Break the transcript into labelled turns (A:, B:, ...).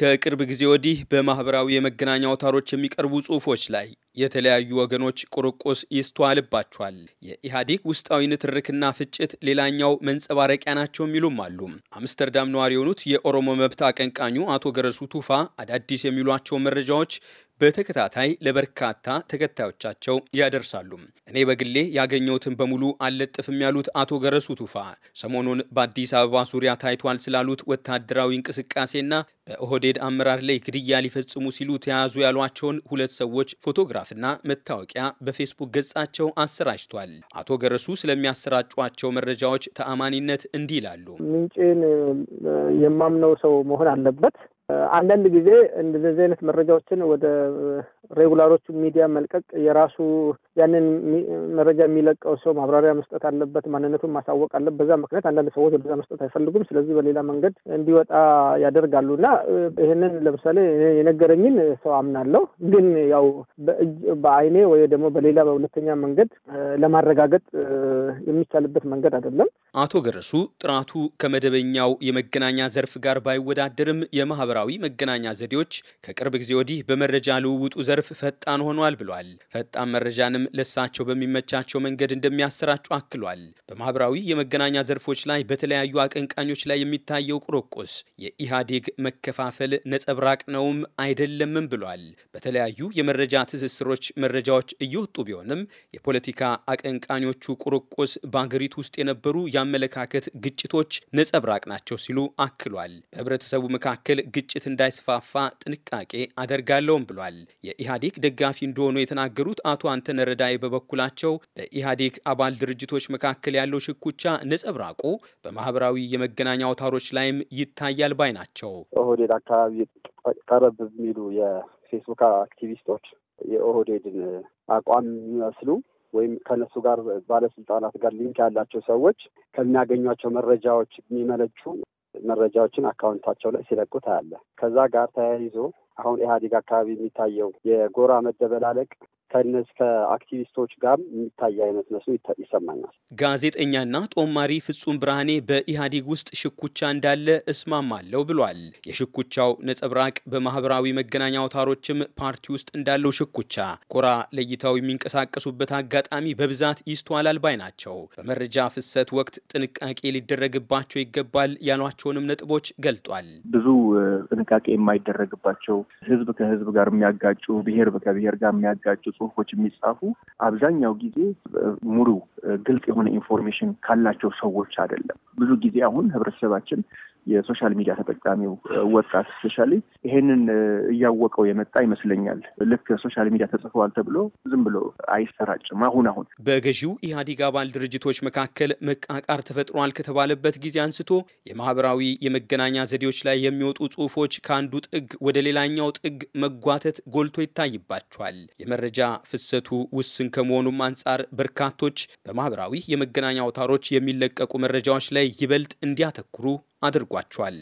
A: ከቅርብ ጊዜ ወዲህ በማህበራዊ የመገናኛ አውታሮች የሚቀርቡ ጽሁፎች ላይ የተለያዩ ወገኖች ቁርቁስ ይስተዋልባቸዋል። የኢህአዴግ ውስጣዊ ንትርክና ፍጭት ሌላኛው መንጸባረቂያ ናቸው የሚሉም አሉ። አምስተርዳም ነዋሪ የሆኑት የኦሮሞ መብት አቀንቃኙ አቶ ገረሱ ቱፋ አዳዲስ የሚሏቸው መረጃዎች በተከታታይ ለበርካታ ተከታዮቻቸው ያደርሳሉ። እኔ በግሌ ያገኘሁትን በሙሉ አልለጥፍም ያሉት አቶ ገረሱ ቱፋ ሰሞኑን በአዲስ አበባ ዙሪያ ታይቷል ስላሉት ወታደራዊ እንቅስቃሴና በኦህዴድ አመራር ላይ ግድያ ሊፈጽሙ ሲሉ ተያዙ ያሏቸውን ሁለት ሰዎች ፎቶግራፍ ድጋፍና መታወቂያ በፌስቡክ ገጻቸው አሰራጭቷል። አቶ ገረሱ ስለሚያሰራጯቸው መረጃዎች ተአማኒነት እንዲህ ይላሉ።
B: ምንጭን የማምነው ሰው መሆን አለበት። አንዳንድ ጊዜ እንደዚህ አይነት መረጃዎችን ወደ ሬጉላሮቹ ሚዲያ መልቀቅ የራሱ ያንን መረጃ የሚለቀው ሰው ማብራሪያ መስጠት አለበት፣ ማንነቱን ማሳወቅ አለበት። በዛ ምክንያት አንዳንድ ሰዎች ወደዛ መስጠት አይፈልጉም። ስለዚህ በሌላ መንገድ እንዲወጣ ያደርጋሉ እና ይህንን ለምሳሌ የነገረኝን ሰው አምናለሁ። ግን ያው በአይኔ ወይ ደግሞ በሌላ በሁለተኛ መንገድ ለማረጋገጥ የሚቻልበት መንገድ አይደለም።
A: አቶ ገረሱ ጥራቱ ከመደበኛው የመገናኛ ዘርፍ ጋር ባይወዳደርም የማህበራዊ መገናኛ ዘዴዎች ከቅርብ ጊዜ ወዲህ በመረጃ ልውውጡ ዘርፍ ፈጣን ሆኗል ብሏል። ፈጣን መረጃንም ለሳቸው በሚመቻቸው መንገድ እንደሚያሰራጩ አክሏል። በማህበራዊ የመገናኛ ዘርፎች ላይ በተለያዩ አቀንቃኞች ላይ የሚታየው ቁርቁስ የኢህአዴግ መከፋፈል ነጸብራቅ ነውም አይደለምም ብሏል። በተለያዩ የመረጃ ትስስሮች መረጃዎች እየወጡ ቢሆንም የፖለቲካ አቀንቃኞቹ ቁርቁስ በአገሪቱ ውስጥ የነበሩ የአመለካከት ግጭቶች ነጸብራቅ ናቸው ሲሉ አክሏል። በህብረተሰቡ መካከል ግጭት እንዳይስፋፋ ጥንቃቄ አደርጋለሁም ብሏል። የኢህአዴግ ደጋፊ እንደሆኑ የተናገሩት አቶ አንተነ ረዳይ በበኩላቸው በኢህአዴግ አባል ድርጅቶች መካከል ያለው ሽኩቻ ነጸብራቁ በማህበራዊ የመገናኛ አውታሮች ላይም ይታያል ባይ ናቸው።
C: ኦህዴድ አካባቢ ቀረብ የሚሉ የፌስቡክ አክቲቪስቶች የኦህዴድን አቋም የሚመስሉ ወይም ከነሱ ጋር ባለስልጣናት ጋር ሊንክ ያላቸው ሰዎች ከሚያገኟቸው መረጃዎች የሚመለቹ መረጃዎችን አካውንታቸው ላይ ሲለቁ ታያለ። ከዛ ጋር ተያይዞ አሁን ኢህአዴግ አካባቢ የሚታየው የጎራ መደበላለቅ ከነዚህ ከአክቲቪስቶች ጋር የሚታይ አይነት መስሎ ይሰማኛል።
A: ጋዜጠኛና ጦማሪ ፍጹም ብርሃኔ በኢህአዴግ ውስጥ ሽኩቻ እንዳለ እስማማለሁ ብሏል። የሽኩቻው ነጸብራቅ በማህበራዊ መገናኛ አውታሮችም ፓርቲ ውስጥ እንዳለው ሽኩቻ ጎራ ለይተው የሚንቀሳቀሱበት አጋጣሚ በብዛት ይስተዋላል ባይ ናቸው። በመረጃ ፍሰት ወቅት ጥንቃቄ ሊደረግባቸው ይገባል ያሏቸውንም ነጥቦች ገልጧል።
C: ብዙ ጥንቃቄ የማይደረግባቸው ህዝብ ከህዝብ ጋር የሚያጋጩ ብሔር ከብሔር ጋር የሚያጋጩ ጽሁፎች የሚጻፉ አብዛኛው ጊዜ ሙሉ ግልጽ የሆነ ኢንፎርሜሽን ካላቸው ሰዎች አይደለም። ብዙ ጊዜ አሁን ህብረተሰባችን የሶሻል ሚዲያ ተጠቃሚው ወጣት ስፔሻሊ ይሄንን እያወቀው የመጣ ይመስለኛል። ልክ ሶሻል ሚዲያ ተጽፈዋል ተብሎ ዝም ብሎ አይሰራጭም። አሁን አሁን
A: በገዢው ኢህአዴግ አባል ድርጅቶች መካከል መቃቃር ተፈጥሯል ከተባለበት ጊዜ አንስቶ የማህበራዊ የመገናኛ ዘዴዎች ላይ የሚወጡ ጽሁፎች ከአንዱ ጥግ ወደ ሌላኛው ጥግ መጓተት ጎልቶ ይታይባቸዋል። የመረጃ ፍሰቱ ውስን ከመሆኑም አንጻር በርካቶች በማህበራዊ የመገናኛ አውታሮች የሚለቀቁ መረጃዎች ላይ ይበልጥ እንዲያተኩሩ አድርጓቸዋል።